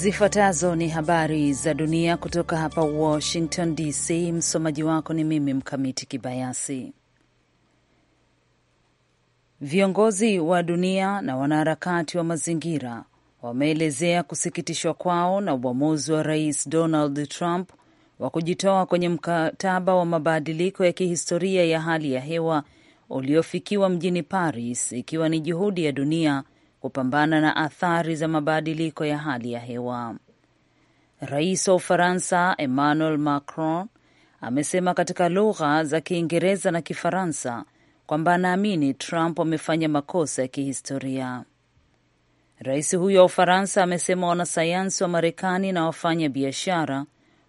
Zifuatazo ni habari za dunia kutoka hapa Washington DC. Msomaji wako ni mimi Mkamiti Kibayasi. Viongozi wa dunia na wanaharakati wa mazingira wameelezea kusikitishwa kwao na uamuzi wa Rais Donald Trump wa kujitoa kwenye mkataba wa mabadiliko ya kihistoria ya hali ya hewa uliofikiwa mjini Paris, ikiwa ni juhudi ya dunia kupambana na athari za mabadiliko ya hali ya hewa. Rais wa Ufaransa Emmanuel Macron amesema katika lugha za Kiingereza na Kifaransa kwamba anaamini Trump amefanya makosa ya kihistoria. Rais huyo wa Ufaransa amesema wanasayansi wa Marekani na wafanya biashara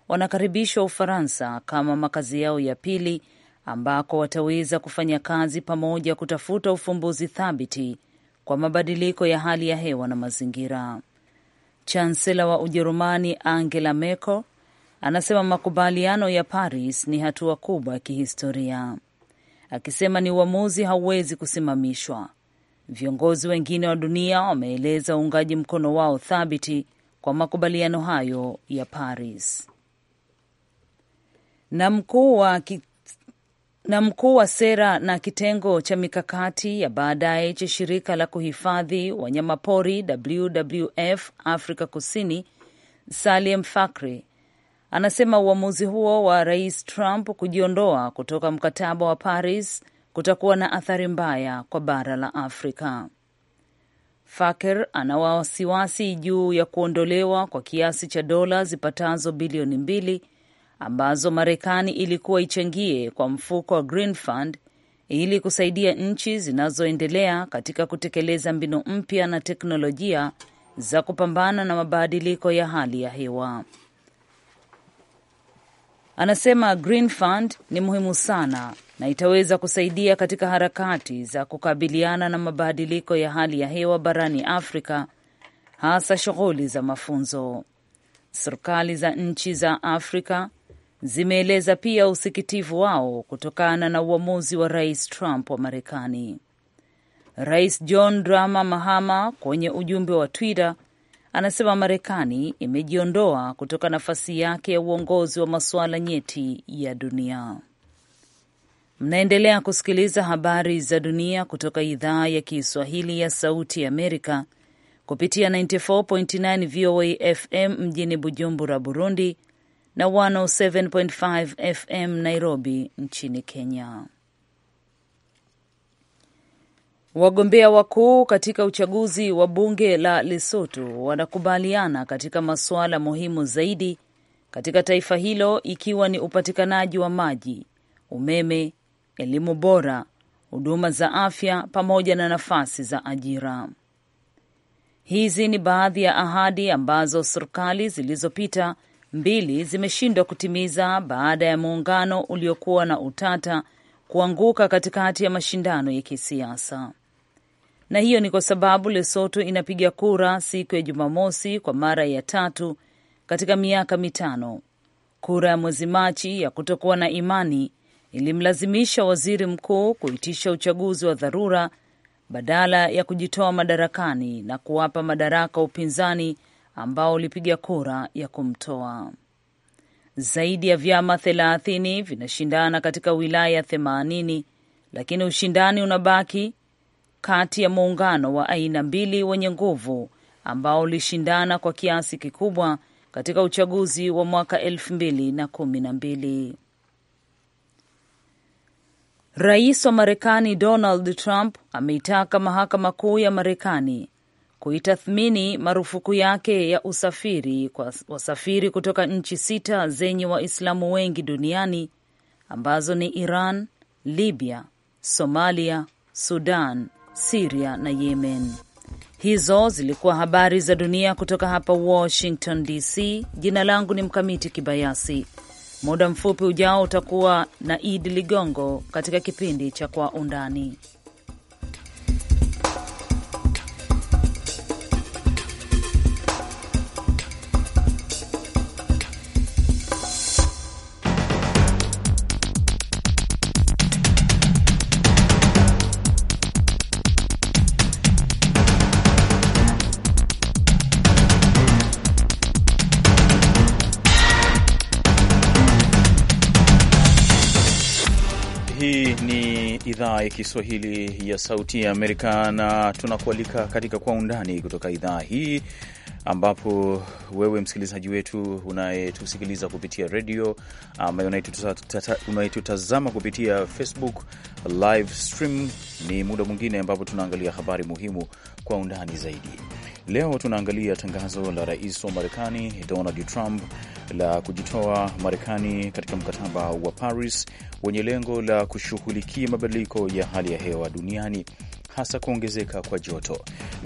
wanakaribishwa Ufaransa kama makazi yao ya pili ambako wataweza kufanya kazi pamoja kutafuta ufumbuzi thabiti kwa mabadiliko ya hali ya hewa na mazingira. Chansela wa Ujerumani Angela Merkel anasema makubaliano ya Paris ni hatua kubwa ya kihistoria, akisema ni uamuzi hauwezi kusimamishwa. Viongozi wengine wa dunia wameeleza uungaji mkono wao thabiti kwa makubaliano hayo ya Paris. Na mkuu wa na mkuu wa sera na kitengo cha mikakati ya baadaye cha shirika la kuhifadhi wanyamapori WWF Afrika Kusini, Salim Fakri anasema uamuzi huo wa Rais Trump kujiondoa kutoka mkataba wa Paris kutakuwa na athari mbaya kwa bara la Afrika. Fakir ana wasiwasi juu ya kuondolewa kwa kiasi cha dola zipatazo bilioni mbili ambazo Marekani ilikuwa ichangie kwa mfuko wa Green Fund ili kusaidia nchi zinazoendelea katika kutekeleza mbinu mpya na teknolojia za kupambana na mabadiliko ya hali ya hewa. Anasema Green Fund ni muhimu sana na itaweza kusaidia katika harakati za kukabiliana na mabadiliko ya hali ya hewa barani Afrika, hasa shughuli za mafunzo. Serikali za nchi za Afrika zimeeleza pia usikitivu wao kutokana na uamuzi wa Rais Trump wa Marekani. Rais John drama Mahama kwenye ujumbe wa Twitter anasema Marekani imejiondoa kutoka nafasi yake ya uongozi wa masuala nyeti ya dunia. Mnaendelea kusikiliza habari za dunia kutoka idhaa ya Kiswahili ya Sauti ya Amerika kupitia 94.9 VOA FM mjini Bujumbura, Burundi na 107.5 FM Nairobi nchini Kenya. Wagombea wakuu katika uchaguzi wa bunge la Lesotho wanakubaliana katika masuala muhimu zaidi katika taifa hilo ikiwa ni upatikanaji wa maji, umeme, elimu bora, huduma za afya pamoja na nafasi za ajira. Hizi ni baadhi ya ahadi ambazo serikali zilizopita mbili zimeshindwa kutimiza baada ya muungano uliokuwa na utata kuanguka katikati ya mashindano ya kisiasa. Na hiyo ni kwa sababu lesoto inapiga kura siku ya Jumamosi kwa mara ya tatu katika miaka mitano. Kura ya mwezi Machi ya kutokuwa na imani ilimlazimisha waziri mkuu kuitisha uchaguzi wa dharura badala ya kujitoa madarakani na kuwapa madaraka upinzani ambao ulipiga kura ya kumtoa. Zaidi ya vyama thelathini vinashindana katika wilaya themanini, lakini ushindani unabaki kati ya muungano wa aina mbili wenye nguvu ambao ulishindana kwa kiasi kikubwa katika uchaguzi wa mwaka elfu mbili na kumi na mbili. Rais wa Marekani Donald Trump ameitaka mahakama kuu ya Marekani kuitathmini marufuku yake ya usafiri kwa wasafiri kutoka nchi sita zenye Waislamu wengi duniani ambazo ni Iran, Libya, Somalia, Sudan, Siria na Yemen. Hizo zilikuwa habari za dunia kutoka hapa Washington DC. Jina langu ni Mkamiti Kibayasi. Muda mfupi ujao utakuwa na Idi Ligongo katika kipindi cha Kwa Undani. idhaa ya Kiswahili ya Sauti ya Amerika, na tunakualika katika Kwa Undani kutoka idhaa hii, ambapo wewe msikilizaji wetu unayetusikiliza kupitia redio ambayo unayetutazama kupitia Facebook live stream, ni muda mwingine ambapo tunaangalia habari muhimu kwa undani zaidi. Leo tunaangalia tangazo la rais wa Marekani Donald Trump la kujitoa Marekani katika mkataba wa Paris wenye lengo la kushughulikia mabadiliko ya hali ya hewa duniani hasa kuongezeka kwa joto.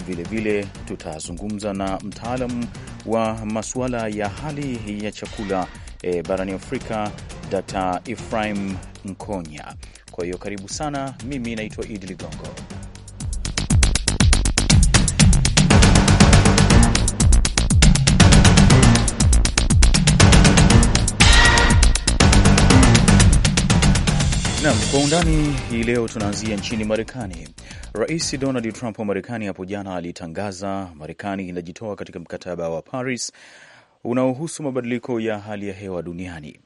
Vilevile tutazungumza na mtaalamu wa masuala ya hali ya chakula e, barani Afrika, Dr Ephraim Nkonya. Kwa hiyo karibu sana. Mimi naitwa Idi Ligongo. Nam kwa undani hii leo, tunaanzia nchini Marekani. Rais Donald Trump wa Marekani hapo jana alitangaza Marekani inajitoa katika mkataba wa Paris unaohusu mabadiliko ya hali ya hewa duniani.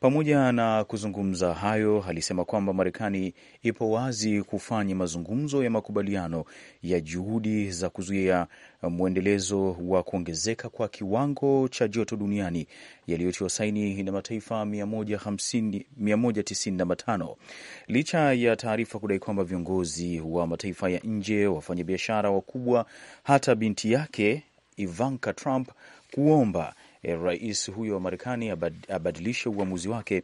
Pamoja na kuzungumza hayo, alisema kwamba Marekani ipo wazi kufanya mazungumzo ya makubaliano ya juhudi za kuzuia mwendelezo wa kuongezeka kwa kiwango cha joto duniani yaliyotiwa saini na mataifa 195 licha ya taarifa kudai kwamba viongozi wa mataifa ya nje, wafanyabiashara wakubwa, hata binti yake Ivanka Trump kuomba Eh, rais huyo wa Marekani abadilishe uamuzi wake.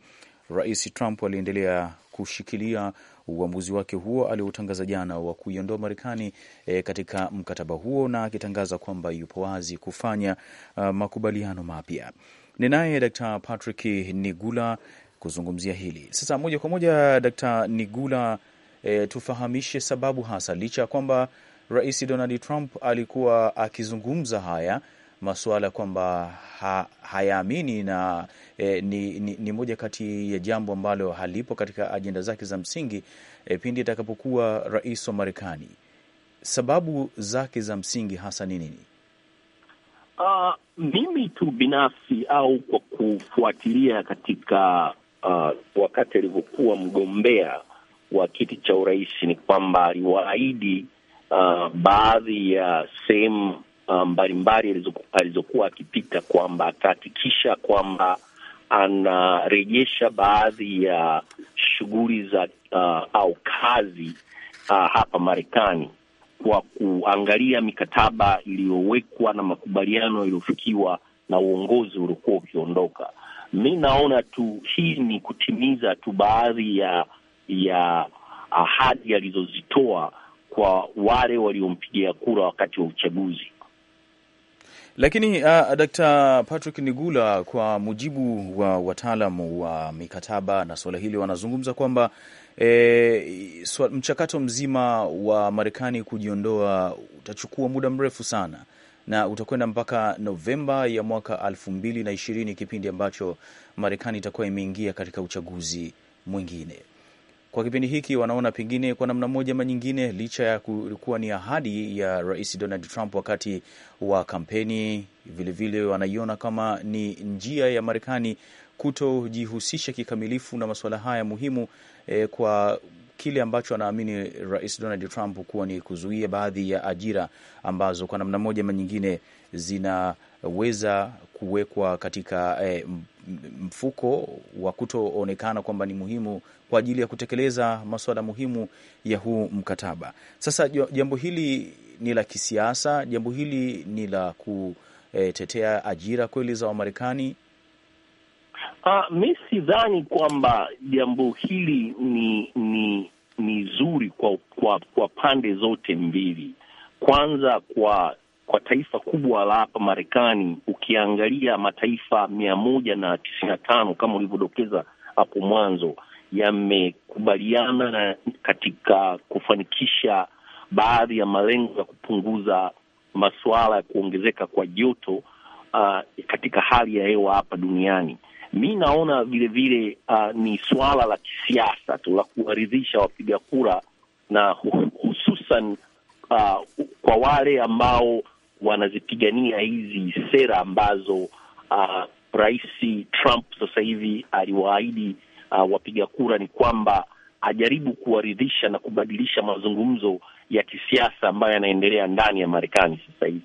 Rais Trump aliendelea kushikilia uamuzi wake huo aliotangaza jana wa kuiondoa Marekani e, katika mkataba huo na akitangaza kwamba yupo wazi kufanya uh, makubaliano mapya. Ni naye d Patrick Nigula kuzungumzia hili sasa moja kwa moja. d Nigula, e, tufahamishe sababu hasa, licha ya kwamba Rais Donald Trump alikuwa akizungumza haya masuala kwamba ha, hayaamini na e, ni, ni, ni moja kati ya jambo ambalo halipo katika ajenda zake za msingi e, pindi atakapokuwa rais wa Marekani. Sababu zake za msingi hasa ni nini? Uh, mimi tu binafsi au kwa kufuatilia katika uh, wakati alivyokuwa mgombea wa kiti cha urais ni kwamba aliwaahidi uh, baadhi ya sehemu Uh, mbalimbali alizokuwa akipita, kwamba atahakikisha kwamba anarejesha baadhi ya shughuli za uh, au kazi uh, hapa Marekani kwa kuangalia mikataba iliyowekwa na makubaliano yaliyofikiwa na uongozi uliokuwa ukiondoka. Mi naona tu hii ni kutimiza tu baadhi ya ya ahadi alizozitoa kwa wale waliompigia kura wakati wa uchaguzi. Lakini uh, Dr. Patrick Nigula, kwa mujibu wa wataalamu wa mikataba na suala hili, wanazungumza kwamba e, mchakato mzima wa Marekani kujiondoa utachukua muda mrefu sana na utakwenda mpaka Novemba ya mwaka elfu mbili na ishirini, kipindi ambacho Marekani itakuwa imeingia katika uchaguzi mwingine kwa kipindi hiki wanaona pengine kwa namna moja ama nyingine, licha ya kuwa ni ahadi ya Rais Donald Trump wakati wa kampeni, vilevile wanaiona kama ni njia ya Marekani kutojihusisha kikamilifu na masuala haya muhimu eh, kwa kile ambacho anaamini Rais Donald Trump kuwa ni kuzuia baadhi ya ajira ambazo kwa namna moja ama nyingine zinaweza kuwekwa katika eh, mfuko wa kutoonekana kwamba ni muhimu kwa ajili ya kutekeleza masuala muhimu ya huu mkataba. Sasa jambo hili ni la kisiasa, jambo hili ni la kutetea ajira kweli za Wamarekani. Uh, mi sidhani kwamba jambo hili ni ni ni zuri kwa, kwa, kwa pande zote mbili. Kwanza kwa kwa taifa kubwa la hapa Marekani, ukiangalia mataifa mia moja na tisini na tano kama ulivyodokeza hapo mwanzo, yamekubaliana na katika kufanikisha baadhi ya malengo ya kupunguza masuala ya kuongezeka kwa joto uh, katika hali ya hewa hapa duniani. Mi naona vilevile uh, ni suala la kisiasa tu la kuwaridhisha wapiga kura na hususan uh, kwa wale ambao wanazipigania hizi sera ambazo uh, Rais Trump sasa hivi aliwaahidi uh, wapiga kura ni kwamba ajaribu kuwaridhisha na kubadilisha mazungumzo ya kisiasa ambayo yanaendelea ndani ya Marekani sasa hivi.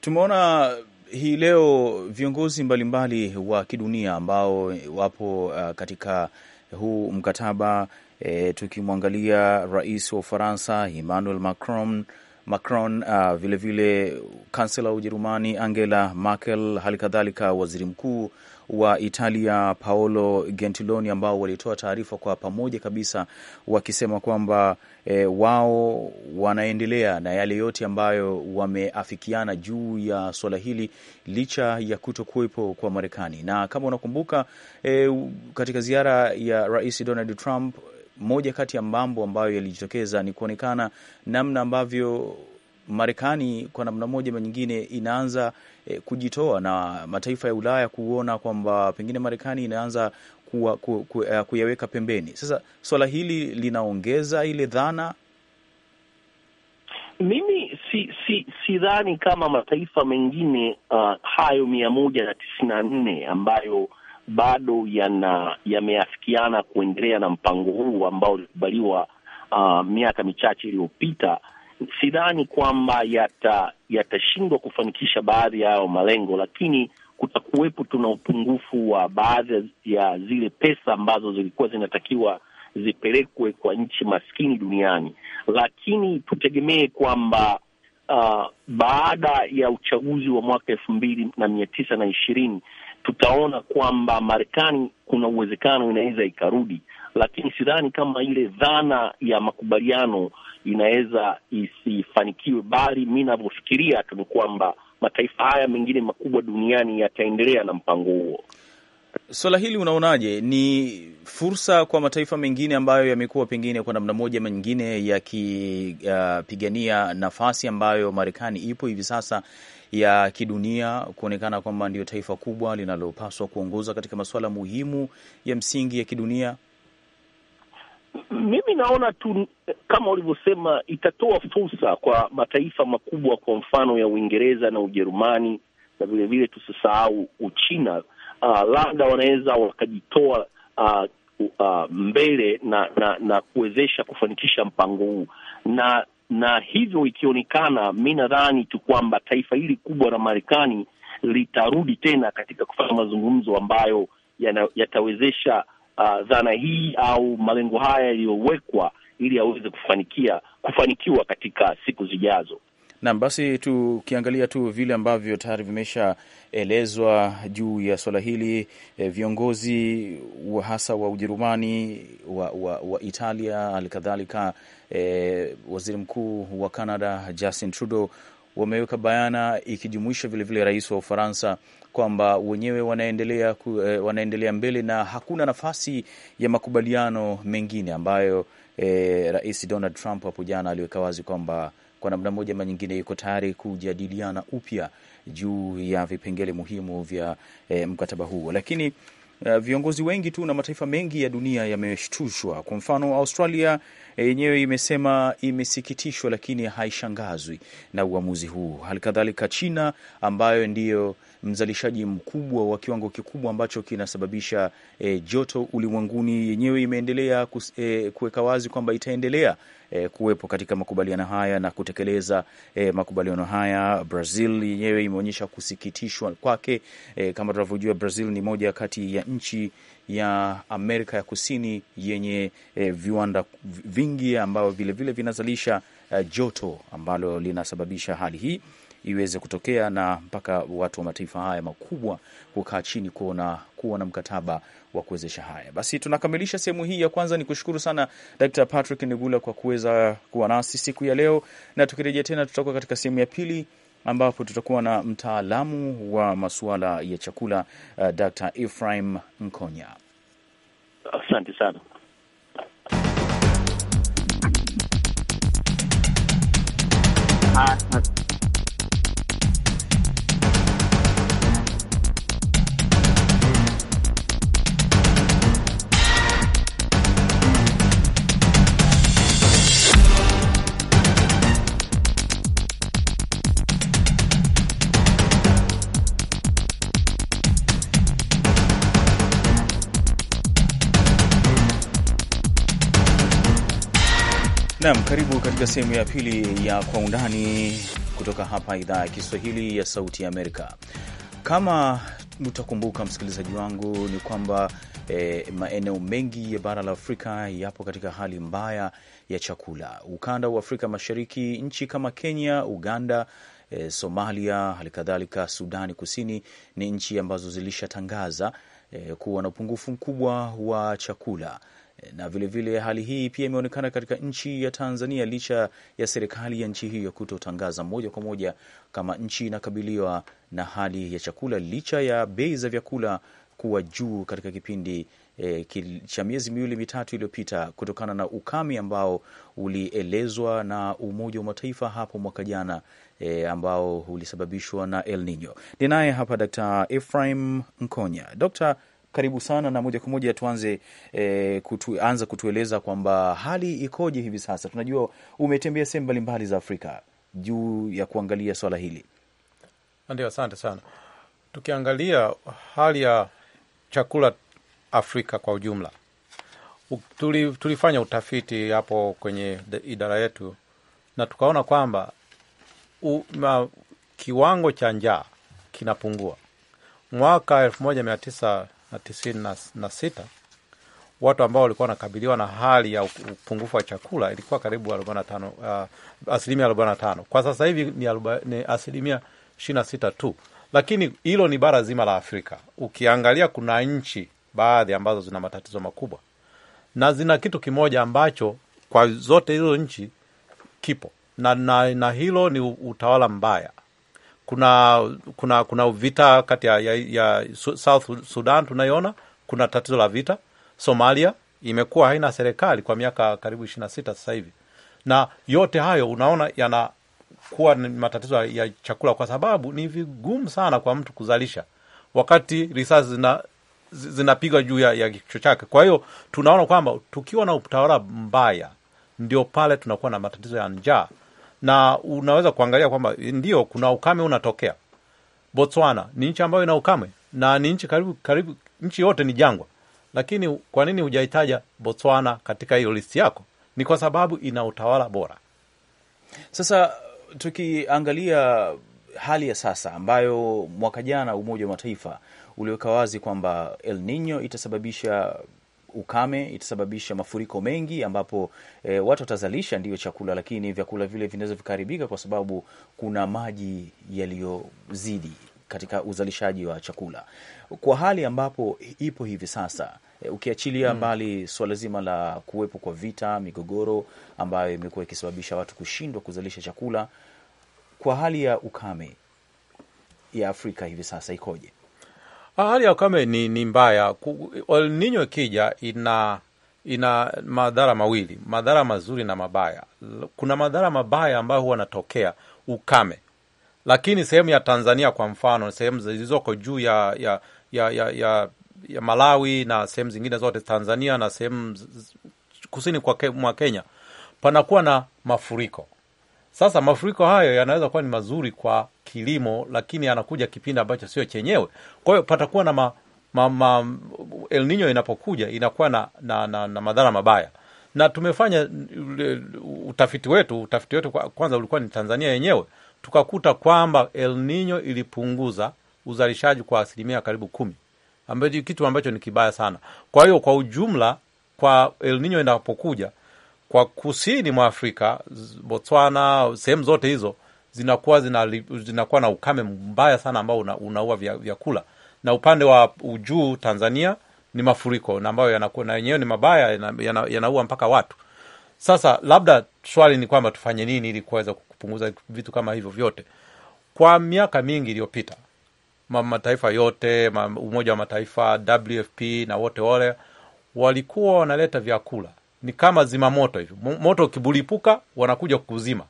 Tumeona hii leo viongozi mbalimbali wa kidunia ambao wapo uh, katika huu mkataba e, tukimwangalia rais wa Ufaransa Emmanuel Macron Macron, uh, vilevile kansela wa Ujerumani Angela Merkel, hali kadhalika waziri mkuu wa Italia Paolo Gentiloni, ambao walitoa taarifa kwa pamoja kabisa wakisema kwamba e, wao wanaendelea na yale yote ambayo wameafikiana juu ya suala hili licha ya kuto kuwepo kwa Marekani. Na kama unakumbuka e, katika ziara ya Rais Donald Trump moja kati ya mambo ambayo yalijitokeza ni kuonekana namna ambavyo Marekani kwa namna moja ama nyingine inaanza e, kujitoa na mataifa ya Ulaya kuona kwamba pengine Marekani inaanza kuwa, ku, ku, uh, kuyaweka pembeni. Sasa swala hili linaongeza ile dhana. Mimi si si dhani kama mataifa mengine uh, hayo mia moja na tisini na nne ambayo bado yana yameafikiana kuendelea na mpango huu ambao ulikubaliwa uh, miaka michache iliyopita, sidhani kwamba yatashindwa yata kufanikisha baadhi ya hayo malengo, lakini kutakuwepo tuna upungufu wa baadhi ya zile pesa ambazo zilikuwa zinatakiwa zipelekwe kwa nchi maskini duniani, lakini tutegemee kwamba uh, baada ya uchaguzi wa mwaka elfu mbili na mia tisa na ishirini tutaona kwamba Marekani kuna uwezekano inaweza ikarudi, lakini sidhani kama ile dhana ya makubaliano inaweza isifanikiwe, bali mi navyofikiria tu ni kwamba mataifa haya mengine makubwa duniani yataendelea na mpango huo. Swala hili unaonaje? Ni fursa kwa mataifa mengine ambayo yamekuwa pengine kwa namna moja ama nyingine yakipigania uh, nafasi ambayo Marekani ipo hivi sasa ya kidunia kuonekana kwamba ndio taifa kubwa linalopaswa kuongoza katika masuala muhimu ya msingi ya kidunia? Mimi naona tu kama ulivyosema, itatoa fursa kwa mataifa makubwa, kwa mfano ya Uingereza na Ujerumani na vilevile tusisahau Uchina. Uh, labda wanaweza wakajitoa uh, uh, mbele na na, na kuwezesha kufanikisha mpango huu na na hivyo ikionekana, mi nadhani tu kwamba taifa hili kubwa la Marekani litarudi tena katika kufanya mazungumzo ambayo yatawezesha uh, dhana hii au malengo haya yaliyowekwa ili aweze kufanikia kufanikiwa katika siku zijazo. Nam, basi tukiangalia tu vile ambavyo tayari vimeshaelezwa juu ya swala hili e, viongozi wa hasa wa Ujerumani wa, wa, wa Italia halikadhalika e, waziri mkuu wa Canada Justin Trudeau wameweka bayana ikijumuisha vilevile rais wa Ufaransa kwamba wenyewe wanaendelea, ku, e, wanaendelea mbele na hakuna nafasi ya makubaliano mengine ambayo e, rais Donald Trump hapo jana aliweka wazi kwamba kwa namna moja ama nyingine iko tayari kujadiliana upya juu ya vipengele muhimu vya e, mkataba huo, lakini Uh, viongozi wengi tu na mataifa mengi ya dunia yameshtushwa. Kwa mfano, Australia eh, yenyewe imesema imesikitishwa, lakini haishangazwi na uamuzi huu. Halikadhalika China ambayo ndiyo mzalishaji mkubwa wa kiwango kikubwa ambacho kinasababisha e, joto ulimwenguni. Yenyewe imeendelea eh, kuweka e, wazi kwamba itaendelea e, kuwepo katika makubaliano haya na kutekeleza e, makubaliano haya. Brazil yenyewe imeonyesha kusikitishwa kwake. E, kama tunavyojua Brazil ni moja kati ya nchi ya Amerika ya Kusini yenye e, viwanda vingi ambavyo vilevile vinazalisha e, joto ambalo linasababisha hali hii iweze kutokea, na mpaka watu wa mataifa haya makubwa kukaa chini kuona kuwa na mkataba wa kuwezesha haya. Basi tunakamilisha sehemu hii ya kwanza. Ni kushukuru sana Dr. Patrick Negula kwa kuweza kuwa nasi siku ya leo, na tukirejea tena tutakuwa katika sehemu ya pili ambapo tutakuwa na mtaalamu wa masuala ya chakula uh, Dr. Ephraim Nkonya. Asante sana. Karibu katika sehemu ya pili ya Kwa Undani kutoka hapa idhaa ya Kiswahili ya Sauti ya Amerika. Kama utakumbuka msikilizaji wangu, ni kwamba eh, maeneo mengi ya bara la Afrika yapo katika hali mbaya ya chakula. Ukanda wa Afrika Mashariki, nchi kama Kenya, Uganda eh, Somalia, halikadhalika Sudani Kusini ni nchi ambazo zilishatangaza eh, kuwa na upungufu mkubwa wa chakula na vilevile vile hali hii pia imeonekana katika nchi ya Tanzania licha ya serikali ya nchi hiyo kutotangaza moja kwa moja kama nchi inakabiliwa na hali ya chakula, licha ya bei za vyakula kuwa juu katika kipindi eh, cha miezi miwili mitatu iliyopita kutokana na ukame ambao ulielezwa na Umoja wa Mataifa hapo mwaka jana eh, ambao ulisababishwa na El Nino. Ninaye hapa d Ephraim Nkonya. Dkt karibu sana na moja kwa moja tuanze e, kutu, anza kutueleza kwamba hali ikoje hivi sasa. Tunajua umetembea sehemu mbalimbali za Afrika juu ya kuangalia swala hili. Ndio, asante sana. Tukiangalia hali ya chakula Afrika kwa ujumla, tuli, tulifanya utafiti hapo kwenye idara yetu na tukaona kwamba u, ma, kiwango cha njaa kinapungua mwaka elfu moja mia tisa na tisini na sita watu ambao walikuwa wanakabiliwa na hali ya upungufu wa chakula ilikuwa karibu uh, asilimia arobaini na tano. Kwa sasa hivi ni asilimia ishirini na sita tu, lakini hilo ni bara zima la Afrika. Ukiangalia kuna nchi baadhi ambazo zina matatizo makubwa na zina kitu kimoja ambacho kwa zote hizo nchi kipo na, na, na hilo ni utawala mbaya kuna kuna kuna vita kati ya, ya, ya South Sudan tunaiona, kuna tatizo la vita. Somalia imekuwa haina serikali kwa miaka karibu ishirini na sita sasa hivi, na yote hayo unaona yanakuwa ni matatizo ya chakula, kwa sababu ni vigumu sana kwa mtu kuzalisha wakati risasi zina zinapigwa juu ya, ya kichwa chake. Kwa hiyo tunaona kwamba tukiwa na utawala mbaya ndio pale tunakuwa na matatizo ya njaa na unaweza kuangalia kwamba ndio kuna ukame unatokea. Botswana ni nchi ambayo ina ukame na ni nchi karibu, karibu nchi yote ni jangwa, lakini kwa nini hujaitaja Botswana katika hiyo listi yako? Ni kwa sababu ina utawala bora. Sasa tukiangalia hali ya sasa ambayo mwaka jana Umoja wa Mataifa uliweka wazi kwamba El Nino itasababisha ukame itasababisha mafuriko mengi, ambapo e, watu watazalisha ndiyo chakula, lakini vyakula vile vinaweza vikaharibika kwa sababu kuna maji yaliyozidi katika uzalishaji wa chakula, kwa hali ambapo ipo hivi sasa. Eh, ukiachilia hmm. mbali suala zima la kuwepo kwa vita, migogoro ambayo imekuwa ikisababisha watu kushindwa kuzalisha chakula, kwa hali ya ukame ya Afrika hivi sasa ikoje? Hali ya ukame ni, ni mbaya. El Nino ikija ina ina madhara mawili, madhara mazuri na mabaya. Kuna madhara mabaya ambayo huwa yanatokea ukame, lakini sehemu ya Tanzania kwa mfano, sehemu zilizoko juu ya ya, ya, ya, ya ya Malawi na sehemu zingine zote Tanzania na sehemu kusini mwa Kenya panakuwa na mafuriko sasa mafuriko hayo yanaweza kuwa ni mazuri kwa kilimo, lakini yanakuja kipindi ambacho sio chenyewe. Kwa hiyo patakuwa na ma, ma, ma, El Nino inapokuja inakuwa na, na, na, na madhara mabaya na tumefanya uh, utafiti wetu. Utafiti wetu kwanza ulikuwa ni Tanzania yenyewe, tukakuta kwamba El Nino ilipunguza uzalishaji kwa asilimia karibu kumi, ambacho kitu ambacho ni kibaya sana. Kwa hiyo kwa ujumla, kwa El Nino inapokuja kwa kusini mwa Afrika, Botswana, sehemu zote hizo zinakuwa zinakuwa na ukame mbaya sana ambao una, unaua vyakula, na upande wa juu Tanzania ni mafuriko na ambayo yanakuwa na yenyewe ni mabaya, yanaua yana, yana mpaka watu. Sasa labda swali ni kwamba tufanye nini ili kuweza kupunguza vitu kama hivyo vyote. Kwa miaka mingi iliyopita, mataifa yote, Umoja wa Mataifa, WFP na wote wale walikuwa wanaleta vyakula ni kama zimamoto hivi. Moto ukibulipuka wanakuja kuzima,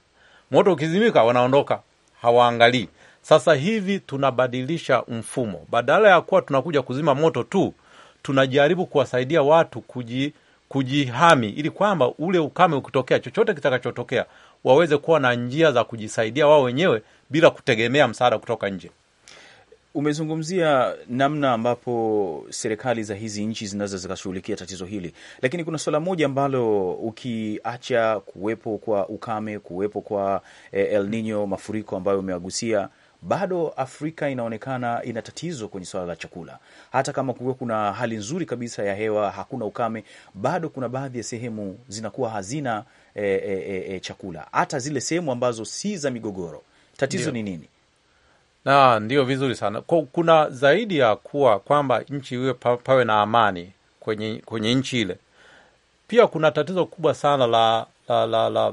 moto ukizimika wanaondoka, hawaangalii. Sasa hivi tunabadilisha mfumo, badala ya kuwa tunakuja kuzima moto tu, tunajaribu kuwasaidia watu kuji, kujihami ili kwamba ule ukame ukitokea, chochote kitakachotokea, waweze kuwa na njia za kujisaidia wao wenyewe bila kutegemea msaada kutoka nje umezungumzia namna ambapo serikali za hizi nchi zinaweza zikashughulikia tatizo hili, lakini kuna suala moja ambalo ukiacha kuwepo kwa ukame, kuwepo kwa eh, El Nino, mafuriko ambayo umewagusia bado Afrika inaonekana ina tatizo kwenye swala la chakula. Hata kama kuwa kuna hali nzuri kabisa ya hewa, hakuna ukame, bado kuna baadhi ya sehemu zinakuwa hazina e, e, e, chakula, hata zile sehemu ambazo si za migogoro. Tatizo ni nini? na ndio vizuri sana. Kuna zaidi ya kuwa kwamba nchi iwe pawe na amani kwenye, kwenye nchi ile, pia kuna tatizo kubwa sana la, la, la, la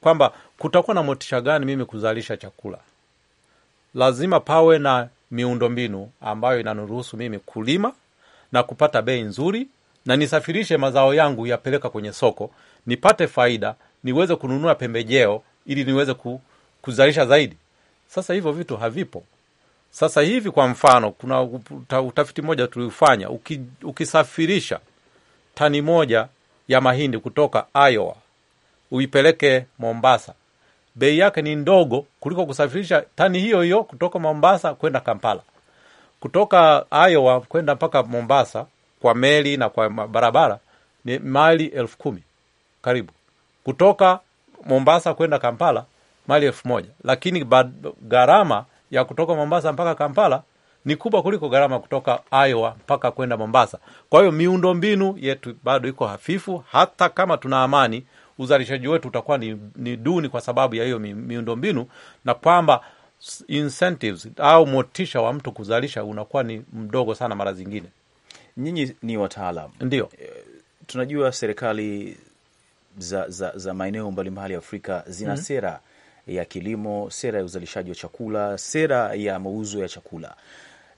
kwamba kutakuwa na motisha gani mimi kuzalisha chakula. Lazima pawe na miundombinu ambayo inaniruhusu mimi kulima na kupata bei nzuri na nisafirishe mazao yangu yapeleka kwenye soko nipate faida, niweze kununua pembejeo ili niweze kuzalisha zaidi. Sasa hivyo vitu havipo sasa hivi. Kwa mfano, kuna utafiti mmoja tuliufanya, ukisafirisha tani moja ya mahindi kutoka Iowa uipeleke Mombasa, bei yake ni ndogo kuliko kusafirisha tani hiyo hiyo kutoka Mombasa kwenda Kampala. Kutoka Iowa kwenda mpaka Mombasa kwa meli na kwa barabara ni maili elfu kumi karibu. Kutoka Mombasa kwenda Kampala maili elfu moja lakini gharama ya kutoka Mombasa mpaka Kampala ni kubwa kuliko gharama kutoka Iowa mpaka kwenda Mombasa. Kwa hiyo miundo mbinu yetu bado iko hafifu. Hata kama tuna amani, uzalishaji wetu utakuwa ni, ni duni kwa sababu ya hiyo miundo mbinu, na kwamba incentives au motisha wa mtu kuzalisha unakuwa ni mdogo sana. Mara zingine nyinyi ni wataalam, ndio eh, tunajua serikali za, za, za maeneo mbalimbali ya Afrika zina mm -hmm. sera ya kilimo, sera ya uzalishaji wa chakula, sera ya mauzo ya chakula.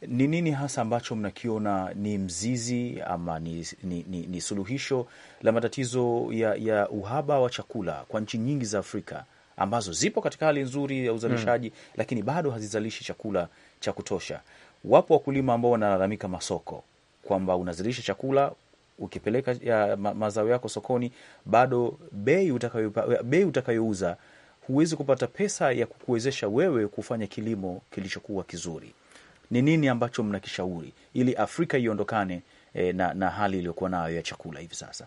Ni nini hasa ambacho mnakiona ni mzizi ama ni, ni, ni, ni suluhisho la matatizo ya, ya uhaba wa chakula kwa nchi nyingi za Afrika ambazo zipo katika hali nzuri ya uzalishaji hmm, lakini bado hazizalishi chakula cha kutosha. Wapo wakulima ambao wanalalamika masoko kwamba unazalisha chakula ukipeleka ya, ma, mazao yako sokoni bado bei utakayouza huwezi kupata pesa ya kukuwezesha wewe kufanya kilimo kilichokuwa kizuri. Ni nini ambacho mnakishauri ili Afrika iondokane e, na, na hali iliyokuwa nayo ya chakula hivi sasa?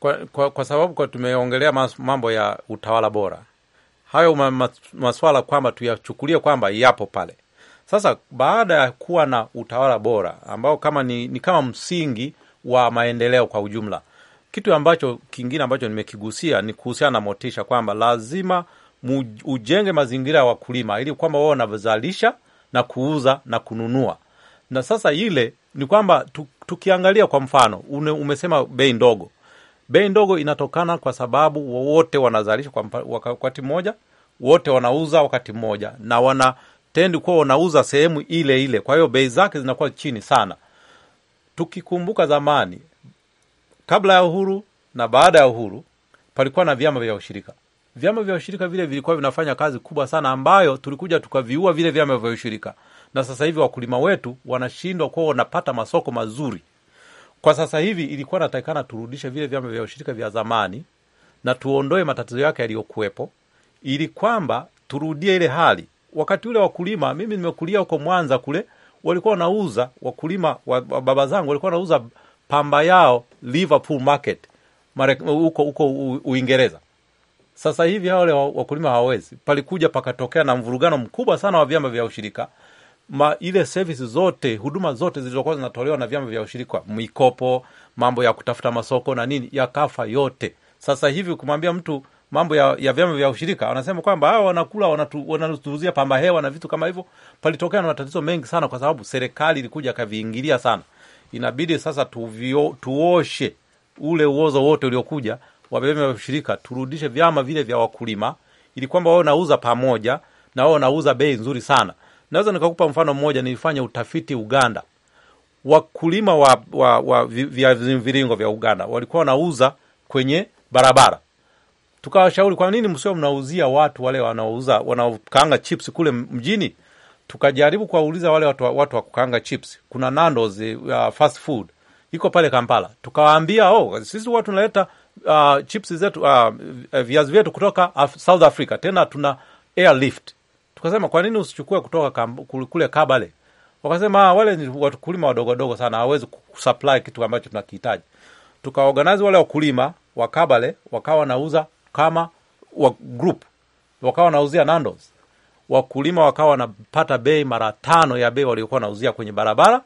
Kwa, kwa, kwa sababu kwa tumeongelea mambo ya utawala bora, hayo maswala kwamba tuyachukulie kwamba yapo pale sasa. Baada ya kuwa na utawala bora ambao kama ni, ni kama msingi wa maendeleo kwa ujumla, kitu ambacho kingine ambacho nimekigusia ni kuhusiana na motisha, kwamba lazima ujenge mazingira ya wakulima ili kwamba wao wanazalisha na kuuza na kununua. Na sasa ile ni kwamba tukiangalia kwa mfano, umesema bei ndogo. Bei ndogo inatokana kwa sababu wote wanazalisha kwa wakati mmoja, wote wanauza wakati mmoja, na wanatendi kuwa wanauza sehemu ile ile, kwa hiyo bei zake zinakuwa chini sana. Tukikumbuka zamani Kabla ya uhuru na baada ya uhuru palikuwa na vyama vya ushirika. Vyama vya ushirika vile vilikuwa vinafanya kazi kubwa sana, ambayo tulikuja tukaviua vile vyama vya ushirika, na sasa hivi wakulima wetu wanashindwa kuwa wanapata masoko mazuri. Kwa sasa hivi ilikuwa natakikana turudishe vile vyama vya ushirika vya zamani na tuondoe matatizo yake yaliyokuwepo, ili kwamba turudie ile hali. Wakati ule wakulima, mimi nimekulia huko Mwanza kule, walikuwa wanauza wakulima wa baba zangu walikuwa wanauza pamba yao Liverpool market huko huko Uingereza. Sasa hivi wale wakulima hawawezi. Palikuja pakatokea na mvurugano mkubwa sana wa vyama vya ushirika ma, ile service zote huduma zote zilizokuwa zinatolewa na vyama vya ushirika, mikopo, mambo ya kutafuta masoko na nini, yakafa yote. Sasa hivi kumwambia mtu mambo ya, ya vyama vya ushirika, wanasema kwamba hawa wanakula wanatuuzia pamba hewa na vitu kama hivyo. Palitokea na matatizo mengi sana, kwa sababu serikali ilikuja akaviingilia sana inabidi sasa tuvio, tuoshe ule uozo wote uliokuja wa vyama vya ushirika, turudishe vyama vile vya wakulima, ili kwamba wao nauza pamoja na wao nauza bei nzuri sana. Naweza nikakupa mfano mmoja, nilifanya utafiti Uganda. Wakulima wa, wa, wa vya mviringo vya Uganda walikuwa wanauza kwenye barabara tukawashauri kwa nini msio mnauzia watu wale wanaouza wanaokaanga chips kule mjini? tukajaribu kuwauliza wale watu, watu wa kukaanga chips, kuna Nando's uh, fast food iko pale Kampala, tukawaambia oh, sisi huwa tunaleta uh, chips zetu uh, viazi vyetu kutoka Af South Africa, tena tuna airlift. Tukasema kwa nini usichukue kutoka kule Kabale? Wakasema ah, wale ni wakulima wadogo wadogo sana, hawawezi kusupply kitu ambacho tunakihitaji. Tukaorganize wale wakulima wa Kabale, wakawa wanauza kama wa group, wakawa wanauzia Nando's wakulima wakawa wanapata bei mara tano ya bei waliokuwa wanauzia kwenye barabara,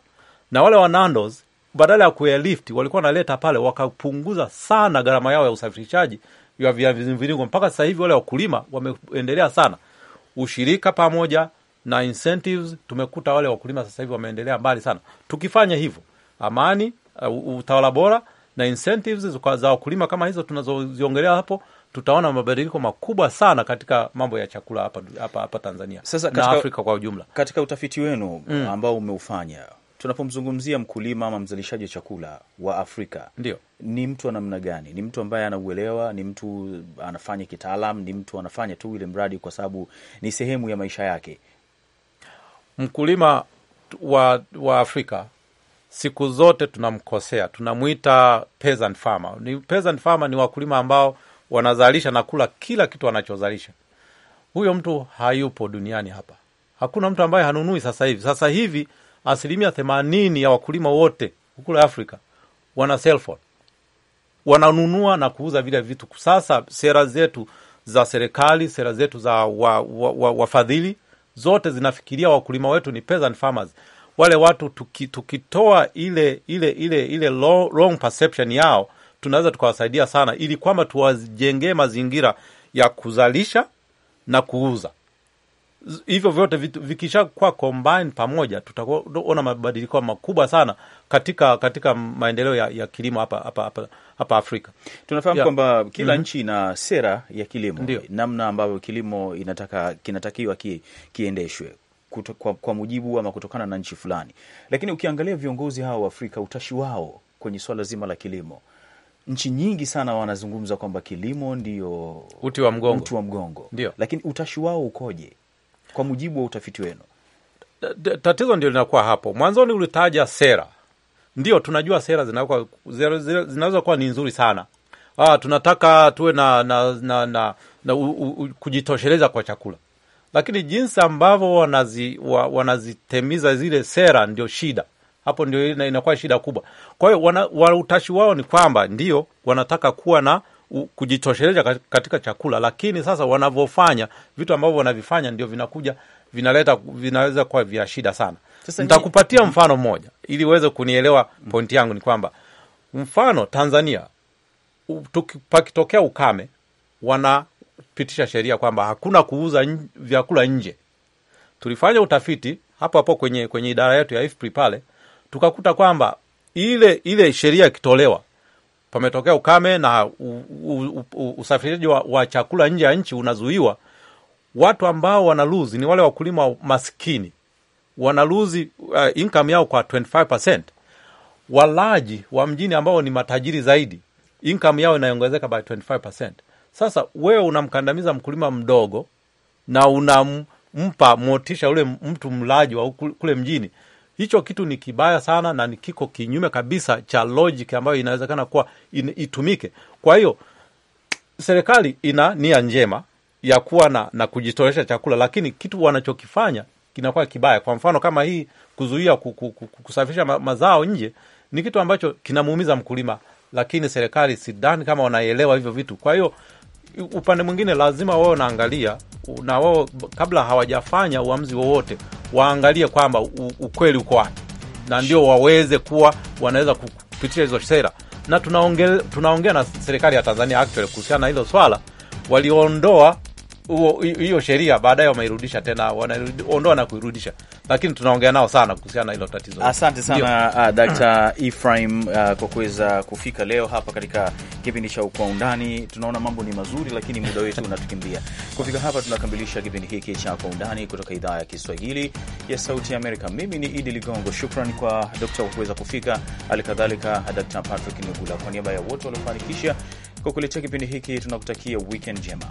na wale Nandos badala ya kuyalifti walikuwa wanaleta pale, wakapunguza sana gharama yao ya usafirishaji ya viazi mviringo. Mpaka sasa hivi wale wakulima wameendelea sana, ushirika pamoja na incentives, tumekuta wale wakulima sasa hivi wameendelea mbali sana. Tukifanya hivyo, amani, uh, utawala bora na incentives za wakulima kama hizo tunazoziongelea hapo, tutaona mabadiliko makubwa sana katika mambo ya chakula hapa, hapa, hapa Tanzania sasa katika, na Afrika kwa ujumla. Katika utafiti wenu mm. ambao umeufanya tunapomzungumzia mkulima ama mzalishaji wa chakula wa Afrika ndio ni mtu wa namna gani? Ni mtu ambaye anauelewa? Ni mtu anafanya kitaalam? Ni mtu anafanya tu ile mradi kwa sababu ni sehemu ya maisha yake? Mkulima wa, wa Afrika siku zote tunamkosea, tunamwita peasant farmer. Ni peasant farmer, ni wakulima ambao wanazalisha na kula kila kitu wanachozalisha. Huyo mtu hayupo duniani hapa, hakuna mtu ambaye hanunui sasa hivi. Sasa hivi asilimia themanini ya wakulima wote kule Afrika wana wananunua na kuuza vile vitu. Sasa sera zetu za serikali, sera zetu za wafadhili wa, wa, wa zote zinafikiria wakulima wetu ni peasant farmers wale watu tuki, tukitoa ile ile ile ile perception yao tunaweza tukawasaidia sana, ili kwamba tuwajengee mazingira ya kuzalisha na kuuza. Hivyo vyote vikishakuwa combine pamoja, tutaona mabadiliko makubwa sana katika katika maendeleo ya, ya kilimo hapa hapa hapa hapa Afrika. Tunafahamu kwamba kila mm -hmm. nchi ina sera ya kilimo Ndiyo. namna ambavyo kilimo inataka kinatakiwa ki, kiendeshwe kuto, kwa, kwa mujibu ama kutokana na nchi fulani, lakini ukiangalia viongozi hawa wa Afrika utashi wao kwenye swala zima la kilimo nchi nyingi sana wanazungumza kwamba kilimo ndio uti wa mgongo, uti wa mgongo. Ndio. Lakini utashi wao ukoje kwa mujibu wa utafiti wenu? Tatizo ndio linakuwa hapo. Mwanzoni ulitaja sera, ndio tunajua sera zinaweza kuwa ni nzuri sana ah, tunataka tuwe na, na, na, na, na u, u, kujitosheleza kwa chakula, lakini jinsi ambavyo wanazitemiza wa, wanazi zile sera ndio shida hapo ndio inakuwa shida kubwa. Kwa hiyo wautashi wao ni kwamba ndio wanataka kuwa na kujitosheleza katika chakula, lakini sasa wanavyofanya vitu ambavyo wanavifanya ndio vinakuja vinaleta vinaweza kuwa vya shida sana. Nitakupatia ni... mfano mmoja ili uweze kunielewa. Pointi yangu ni kwamba mfano Tanzania pakitokea ukame, wanapitisha sheria kwamba hakuna kuuza vyakula nje. Tulifanya utafiti hapo hapo kwenye, kwenye idara yetu ya IFPRI pale tukakuta kwamba ile ile sheria ikitolewa pametokea ukame na usafirishaji wa, wa chakula nje ya nchi unazuiwa. Watu ambao wanaluzi ni wale wakulima maskini, wanaluzi uh, income yao kwa 25%. Walaji wa mjini ambao ni matajiri zaidi, income yao inaongezeka by 25%. Sasa wewe unamkandamiza mkulima mdogo na unampa motisha ule mtu mlaji wa kule mjini hicho kitu ni kibaya sana na ni kiko kinyume kabisa cha logic ambayo inawezekana kuwa in, itumike. Kwa hiyo serikali ina nia njema ya kuwa na, na kujitolesha chakula, lakini kitu wanachokifanya kinakuwa kibaya. Kwa mfano kama hii kuzuia kusafirisha mazao nje ni kitu ambacho kinamuumiza mkulima, lakini serikali sidhani kama wanaelewa hivyo vitu. Kwa hiyo upande mwingine lazima wao naangalia na wao kabla hawajafanya uamuzi wowote waangalie kwamba ukweli uko wapi, na ndio waweze kuwa wanaweza kupitia hizo sera, na tunaongea tunaongea na serikali ya Tanzania actually kuhusiana na hilo swala. Waliondoa hiyo sheria baadaye wameirudisha tena, wanaondoa na kuirudisha, lakini tunaongea nao sana kuhusiana na hilo tatizo. Asante sana uh, Dkt. Ephraim uh, kwa kuweza kufika leo hapa katika kipindi cha Kwa Undani. Tunaona mambo ni mazuri, lakini muda wetu unatukimbia. Kufika hapa, tunakamilisha kipindi hiki cha Kwa Undani kutoka idhaa ya Kiswahili ya Sauti ya Amerika. Mimi ni Idi Ligongo, shukran kwa Dkt. kwa kuweza kufika, hali kadhalika Dkt. Patrick Nigula. Kwa niaba ya wote waliofanikisha kwa kuletea kipindi hiki, tunakutakia weekend njema.